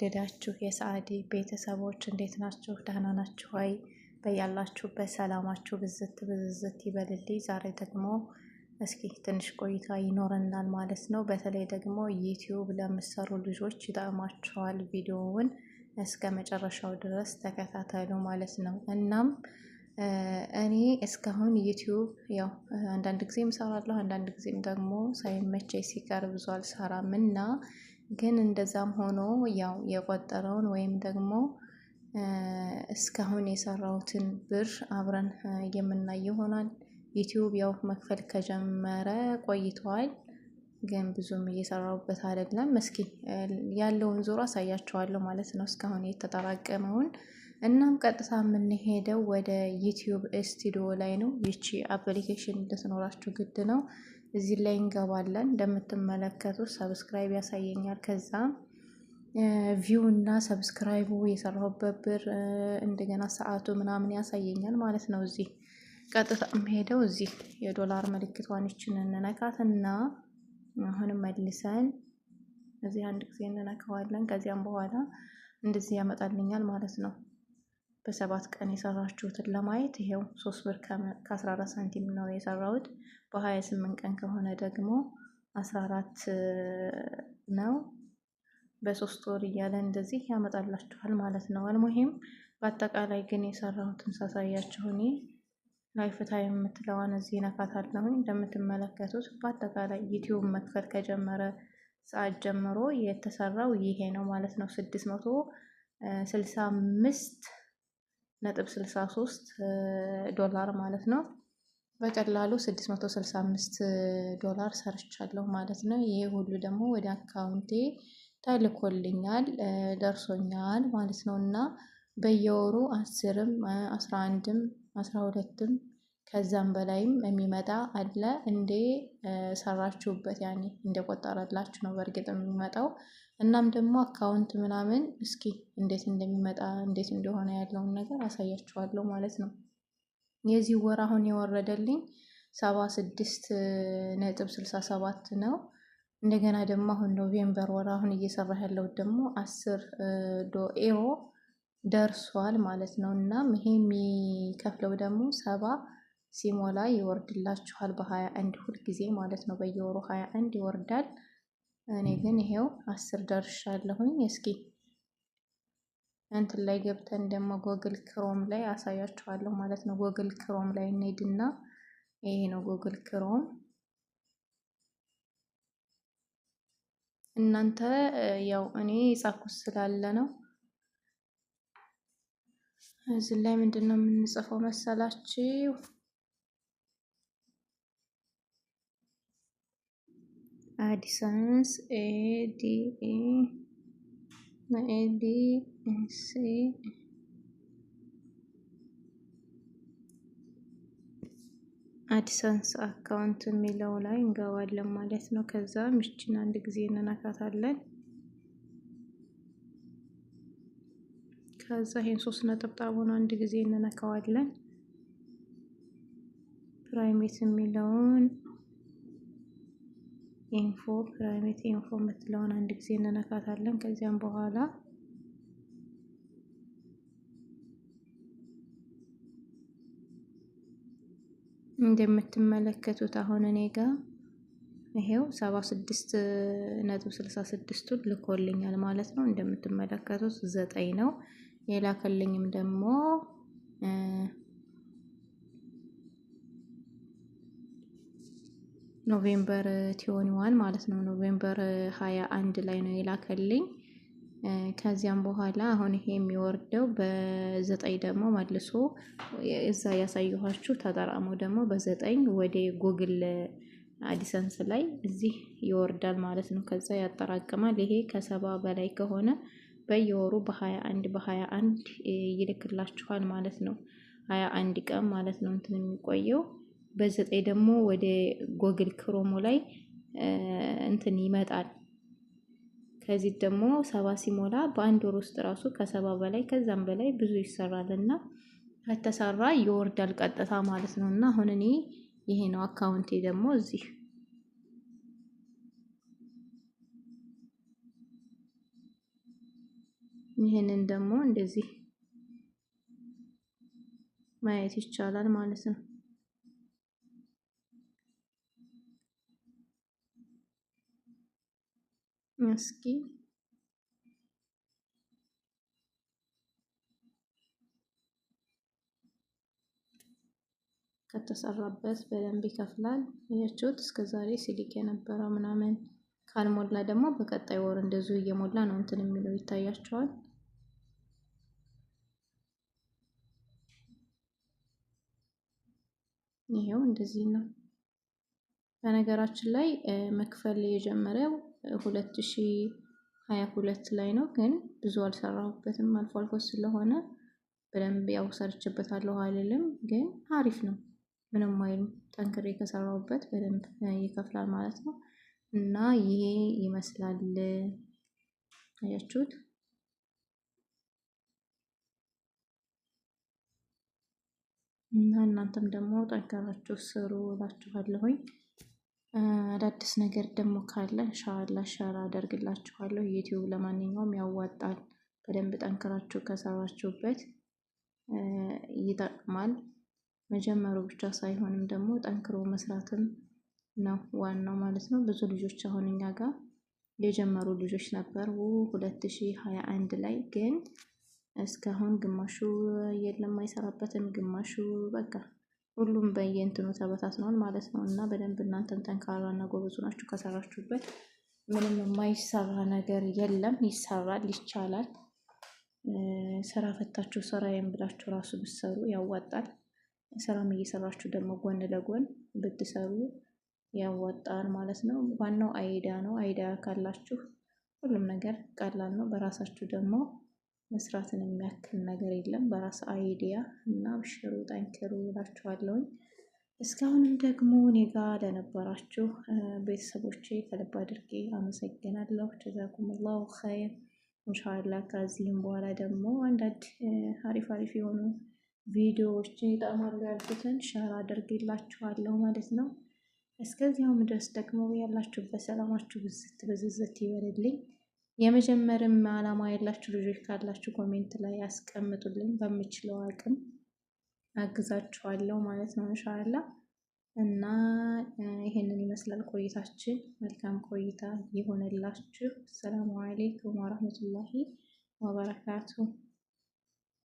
ደዳችሁ የሰአዲ ቤተሰቦች እንዴት ናችሁ? ደህና ናችሁ ወይ? በያላችሁበት ሰላማችሁ ብዝት ብዝዝት ይበልልኝ። ዛሬ ደግሞ እስኪ ትንሽ ቆይታ ይኖረናል ማለት ነው። በተለይ ደግሞ ዩቲዩብ ለምሰሩ ልጆች ይጠቅማችኋል። ቪዲዮውን እስከ መጨረሻው ድረስ ተከታተሉ ማለት ነው። እናም እኔ እስካሁን ዩቲዩብ ያው አንዳንድ ጊዜም እሰራለሁ፣ አንዳንድ ጊዜም ደግሞ ሳይመቼ ሲቀር ብዙ አልሰራም እና ግን እንደዛም ሆኖ ያው የቆጠረውን ወይም ደግሞ እስካሁን የሰራሁትን ብር አብረን የምናይ ይሆናል። ዩቲዩብ ያው መክፈል ከጀመረ ቆይተዋል፣ ግን ብዙም እየሰራሁበት አይደለም። እስኪ ያለውን ዞሮ አሳያቸዋለሁ ማለት ነው እስካሁን የተጠራቀመውን። እናም ቀጥታ የምንሄደው ወደ ዩቲዩብ ስቱዲዮ ላይ ነው። ይቺ አፕሊኬሽን እንደትኖራችሁ ግድ ነው። እዚህ ላይ እንገባለን። እንደምትመለከቱ ሰብስክራይብ ያሳየኛል። ከዛ ቪው እና ሰብስክራይቡ የሰራሁበት ብር እንደገና ሰዓቱ ምናምን ያሳየኛል ማለት ነው። እዚህ ቀጥታ የምሄደው እዚህ የዶላር ምልክት ዋንችን እንነካት እና አሁንም መልሰን እዚህ አንድ ጊዜ እንነካዋለን። ከዚያም በኋላ እንደዚህ ያመጣልኛል ማለት ነው። በሰባት ቀን የሰራችሁትን ለማየት ይሄው ሶስት ብር ከ14 ሳንቲም ነው የሰራሁት። በ በ28 ቀን ከሆነ ደግሞ 14 ነው በሶስት ወር እያለ እንደዚህ ያመጣላችኋል ማለት ነው። አልሙሂም በአጠቃላይ ግን የሰራሁትን ሳሳያችሁ እኔ ላይፍ ታይም የምትለዋን እዚህ ነካት አለሁኝ። እንደምትመለከቱት በአጠቃላይ ዩቲዩብ መክፈል ከጀመረ ሰዓት ጀምሮ የተሰራው ይሄ ነው ማለት ነው። ስድስት መቶ ስልሳ አምስት ነጥብ 63 ዶላር ማለት ነው። በቀላሉ 665 ዶላር ሰርቻለሁ ማለት ነው። ይሄ ሁሉ ደግሞ ወደ አካውንቴ ተልኮልኛል ደርሶኛል ማለት ነው እና በየወሩ አስርም አስራ አንድም አስራ ሁለትም ከዛም በላይም የሚመጣ አለ። እንዴ ሰራችሁበት ያኔ እንደቆጠረላችሁ ነው በእርግጥ የሚመጣው። እናም ደግሞ አካውንት ምናምን እስኪ እንዴት እንደሚመጣ እንዴት እንደሆነ ያለውን ነገር አሳያችኋለሁ ማለት ነው። የዚህ ወር አሁን የወረደልኝ ሰባ ስድስት ነጥብ ስልሳ ሰባት ነው። እንደገና ደግሞ አሁን ኖቬምበር ወር አሁን እየሰራ ያለው ደግሞ አስር ኤሮ ደርሷል ማለት ነው። እናም ይሄ የሚከፍለው ደግሞ ሰባ ሲሞላ ይወርድላችኋል። በሀያ አንድ ሁልጊዜ ማለት ነው። በየወሩ ሀያ አንድ ይወርዳል። እኔ ግን ይሄው አስር ደርሻለሁኝ። እስኪ እንትን ላይ ገብተን ደግሞ ጎግል ክሮም ላይ አሳያችኋለሁ ማለት ነው። ጎግል ክሮም ላይ እንሄድና ይሄ ነው ጎግል ክሮም። እናንተ ያው እኔ የጻፍኩት ስላለ ነው። እዚህ ላይ ምንድን ነው የምንጽፈው መሰላችሁ? አዲሰንስ ኤዲኢ ኤዲሲ አዲሰንስ አካውንት የሚለው ላይ እንገባለን ማለት ነው። ከዛ ምችን አንድ ጊዜ እንነካታለን። ከዛ ይህን ሶስት ነጠብጣቡን አንድ ጊዜ እንነካዋለን። ፕራይሜት የሚለውን ኢንፎ ፕራይቬት ኢንፎ የምትለውን አንድ ጊዜ እንነካታለን። ከዚያም በኋላ እንደምትመለከቱት አሁን እኔ ጋር ይሄው ሰባ ስድስት ነጥብ ስልሳ ስድስቱን ልኮልኛል ማለት ነው። እንደምትመለከቱት ዘጠኝ ነው። የላከልኝም ደግሞ ኖቬምበር ቲዮኒዋን ማለት ነው። ኖቬምበር ሀያ አንድ ላይ ነው የላከልኝ። ከዚያም በኋላ አሁን ይሄ የሚወርደው በዘጠኝ ደግሞ መልሶ እዛ ያሳየኋችሁ ተጠራሞ ደግሞ በዘጠኝ ወደ ጉግል አዲሰንስ ላይ እዚህ ይወርዳል ማለት ነው። ከዛ ያጠራቅማል። ይሄ ከሰባ በላይ ከሆነ በየወሩ በሀያ አንድ በሀያ አንድ ይልክላችኋል ማለት ነው። ሀያ አንድ ቀን ማለት ነው እንትን የሚቆየው በዘጠኝ ደግሞ ወደ ጎግል ክሮሞ ላይ እንትን ይመጣል። ከዚህ ደግሞ ሰባ ሲሞላ በአንድ ወር ውስጥ ራሱ ከሰባ በላይ ከዛም በላይ ብዙ ይሰራል እና ከተሰራ ይወርዳል ቀጥታ ማለት ነው። እና አሁን እኔ ይሄ ነው አካውንቴ ደግሞ እዚህ ይህንን ደግሞ እንደዚህ ማየት ይቻላል ማለት ነው። መስኪ ከተሰራበት በደንብ ይከፍላል። እስከ ዛሬ ሲሊክ የነበረው ምናምን ካልሞላ ደግሞ በቀጣይ ወር እንደዚሁ እየሞላ ነው እንትን የሚለው ይታያቸዋል። ይሄው እንደዚህ ነው። በነገራችን ላይ መክፈል የጀመረው ሁለት ሺ ሀያ ሁለት ላይ ነው ግን ብዙ አልሰራሁበትም አልፎ አልፎ ስለሆነ በደንብ ያው ሰርችበታለሁ አልልም፣ ግን አሪፍ ነው ምንም አይልም። ጠንክሬ ከሰራሁበት በደንብ ይከፍላል ማለት ነው። እና ይሄ ይመስላል አያችሁት። እና እናንተም ደግሞ ጠንከራችሁ ስሩ እላችኋለሁኝ። አዳዲስ ነገር ደግሞ ካለ ኢንሻአላህ ሼር አደርግላችኋለሁ። ዩቲዩብ ለማንኛውም ያዋጣል በደንብ ጠንክራችሁ ከሰራችሁበት ይጠቅማል። መጀመሩ ብቻ ሳይሆንም ደግሞ ጠንክሮ መስራትም ነው ዋናው ማለት ነው። ብዙ ልጆች አሁን እኛ ጋር የጀመሩ ልጆች ነበሩ ሁለት ሺህ ሃያ አንድ ላይ ግን እስካሁን ግማሹ የለም አይሰራበትም፣ ግማሹ በቃ ሁሉም በየእንትኑ ተበታትነዋል ማለት ነው። እና በደንብ እናንተም ጠንካራና ጎበዙ ናችሁ። ከሰራችሁበት ምንም የማይሰራ ነገር የለም። ይሰራል፣ ይቻላል። ስራ ፈታችሁ ስራዬን ብላችሁ ራሱ ብትሰሩ ያዋጣል። ስራም እየሰራችሁ ደግሞ ጎን ለጎን ብትሰሩ ያዋጣል ማለት ነው። ዋናው አይዳ ነው። አይዳ ካላችሁ ሁሉም ነገር ቀላል ነው። በራሳችሁ ደግሞ መስራትን የሚያክል ነገር የለም። በራስ አይዲያ እና ብሽሩ ጠንክሩ እላችኋለሁኝ። እስካሁንም ደግሞ እኔ ጋር ለነበራችሁ ቤተሰቦቼ ከልብ አድርጌ አመሰግናለሁ። ጀዛኩም ላሁ ኸይር። እንሻላ ከዚህም በኋላ ደግሞ አንዳንድ አሪፍ አሪፍ የሆኑ ቪዲዮዎች ይጠቅማሉ ያልኩትን ሸር አድርጌላችኋለሁ ማለት ነው። እስከዚያውም ድረስ ደግሞ ያላችሁበት ሰላማችሁ ብዝት ብዝዝት ይበልልኝ። የመጀመርም ዓላማ ያላችሁ ልጆች ካላችሁ ኮሜንት ላይ ያስቀምጡልኝ። በምችለው አቅም አግዛችኋለሁ ማለት ነው እንሻላ እና ይሄንን ይመስላል ቆይታችን። መልካም ቆይታ ይሆንላችሁ። ሰላሙ አሌይኩም ወረህመቱላሂ ወበረካቱ።